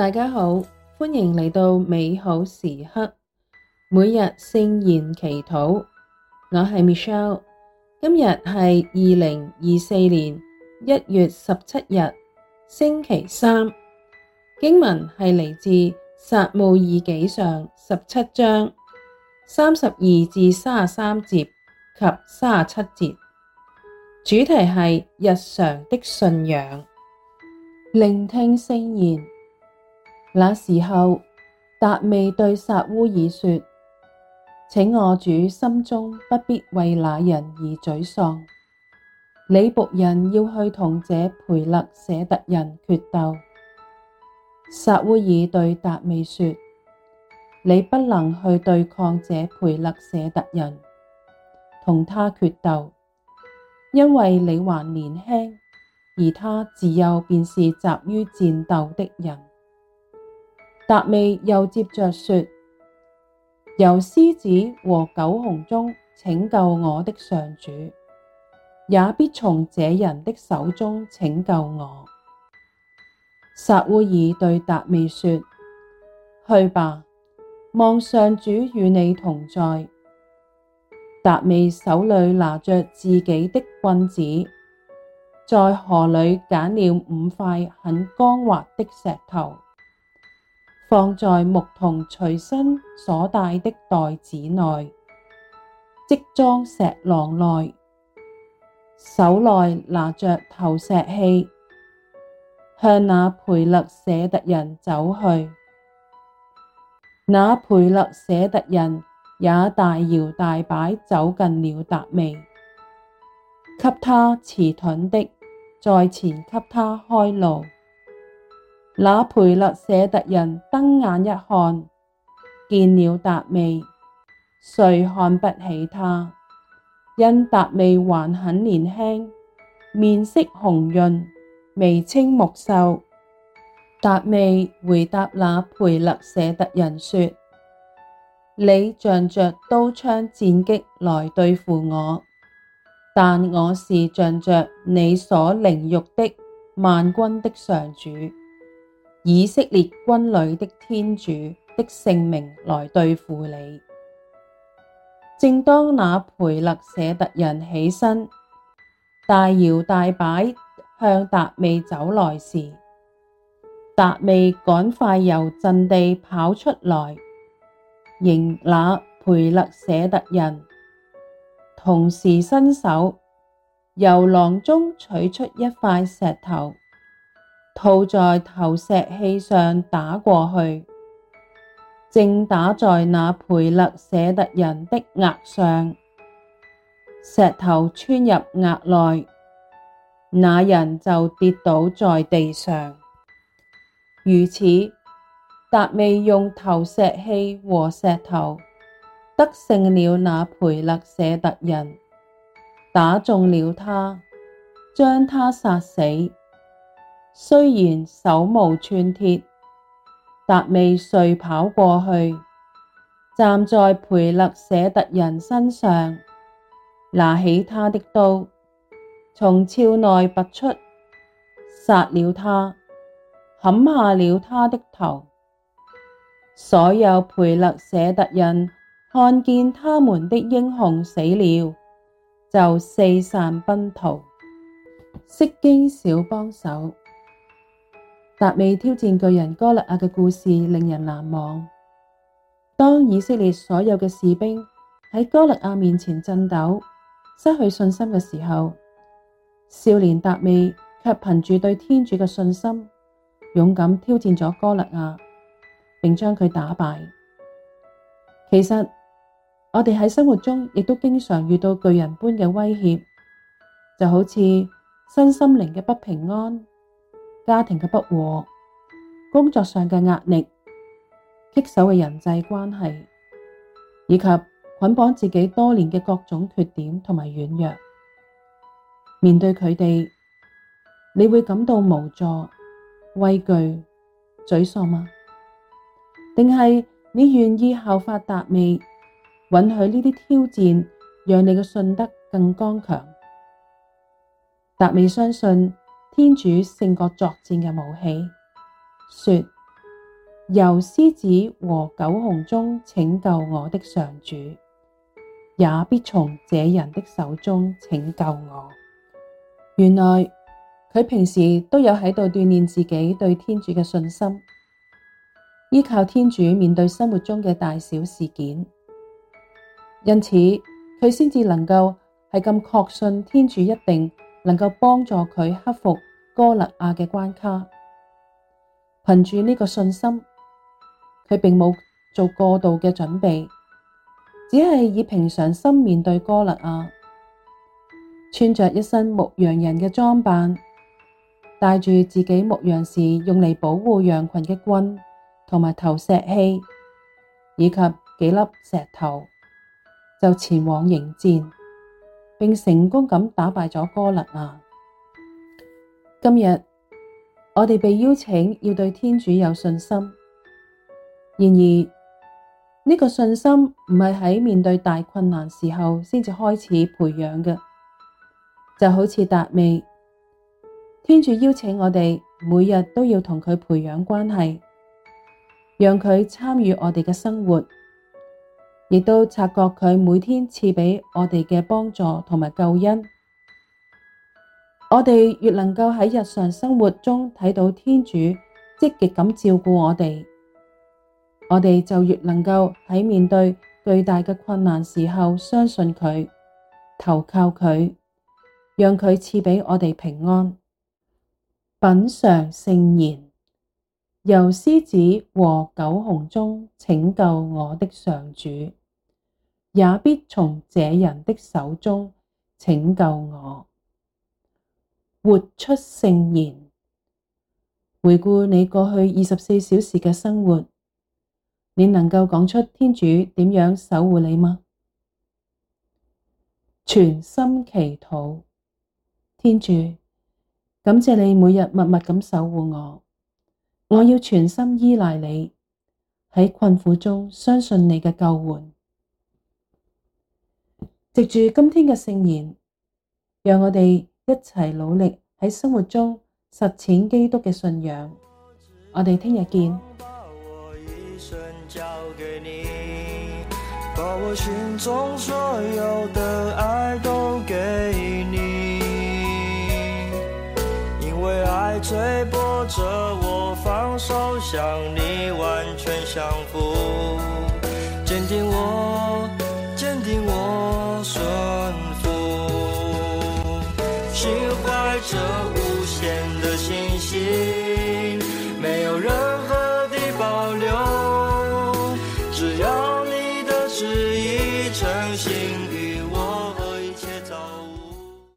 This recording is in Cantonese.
大家好，歡迎嚟到美好時刻，每日聖言祈禱。我係 Michelle，今日係二零二四年一月十七日，星期三。經文係嚟自撒慕爾紀上十七章三十二至三十三節及三十七節，主題係日常的信仰，聆聽聖言。那時候，達味對撒烏爾說：請我主心中不必為那人而沮喪。你僕人要去同這培勒舍特人決鬥。撒烏爾對達味說：你不能去對抗這培肋舍特人，同他決鬥，因為你還年輕，而他自幼便是習於戰鬥的人。達味又接着說：由獅子和狗熊中拯救我的上主，也必從這人的手中拯救我。撒烏爾對達味說：去吧，望上主與你同在。達味手裏拿着自己的棍子，在河裏揀了五塊很光滑的石頭。放在牧童隨身所帶的袋子內，即裝石囊內，手內拿着投石器，向那培肋舍特人走去。那培肋舍特人也大搖大擺走近了達味，給他持盾的在前，給他開路。那培肋舍特人瞪眼一看，見了達味，遂看不起他，因達味還很年輕，面色紅潤，眉清目秀。達味回答那培肋舍特人說：你仗着刀槍箭戟來對付我，但我是仗着你所凌辱的萬軍的上主。以色列軍旅的天主的聖名來對付你。正當那培肋舍特人起身，大搖大擺向達味走來時，達味趕快由陣地跑出來，迎那培肋舍特人，同時伸手由囊中取出一塊石頭。套在投石器上打過去，正打在那培肋舍特人的額上，石頭穿入額內，那人就跌倒在地上。如此，達味用投石器和石頭，得勝了那培肋舍特人，打中了他，將他殺死。雖然手無寸鐵，達味遂跑過去，站在培肋舍特人身上，拿起他的刀，從鞘內拔出，殺了他，砍下了他的頭。所有培肋舍特人看見他們的英雄死了，就四散奔逃。釋經小幫手。達味挑戰巨人哥肋雅嘅故事令人難忘。當以色列所有嘅士兵喺哥肋雅面前顫抖、失去信心嘅時候，少年達味卻憑住對天主嘅信心，勇敢挑戰咗哥肋雅，並將佢打敗。其實我哋喺生活中亦都經常遇到巨人般嘅威脅，就好似身心靈嘅不平安。家庭嘅不和，工作上嘅壓力，棘手嘅人際關係，以及捆綁自己多年嘅各種缺點同埋軟弱，面對佢哋，你會感到無助、畏懼、沮喪嗎？定係你願意效法達味，允許呢啲挑戰，讓你嘅信德更剛強？達味相信。天主勝過作戰嘅武器，說：由獅子和狗熊中拯救我的上主，也必從這人的手中拯救我。原來佢平時都有喺度鍛煉自己對天主嘅信心，依靠天主面對生活中嘅大小事件，因此佢先至能夠係咁確信天主一定。能夠幫助佢克服哥肋雅嘅關卡，憑住呢個信心，佢並冇做過度嘅準備，只係以平常心面對哥肋雅，穿着一身牧羊人嘅裝扮，帶住自己牧羊時用嚟保護羊群嘅棍同埋投石器，以及幾粒石頭，就前往迎戰，並成功咁打敗咗哥肋雅！今日我哋被邀請要對天主有信心，然而呢、這個信心唔係喺面對大困難時候先至開始培養嘅，就好似達味。天主邀請我哋每日都要同佢培養關係，讓佢參與我哋嘅生活。亦都察覺佢每天賜畀我哋嘅幫助同埋救恩，我哋越能夠喺日常生活中睇到天主積極咁照顧我哋，我哋就越能夠喺面對巨大嘅困難時候相信佢，投靠佢，讓佢賜畀我哋平安。品嚐聖言，由獅子和狗熊中拯救我的上主，也必從這人的手中拯救我，活出聖言。回顧你過去二十四小時嘅生活，你能夠講出天主點樣守護你嗎？全心祈禱，天主，感謝你每日默默咁守護我。我要全心依賴你，喺困苦中相信你嘅救援。藉住今天嘅聖言，讓我哋一齊努力喺生活中實踐基督嘅信仰。我哋聽日見。把我一生交給你，把我心中所有嘅愛都給你，因為愛催迫着我，放手向你完全降服。心懷着無限的信心，沒有任何。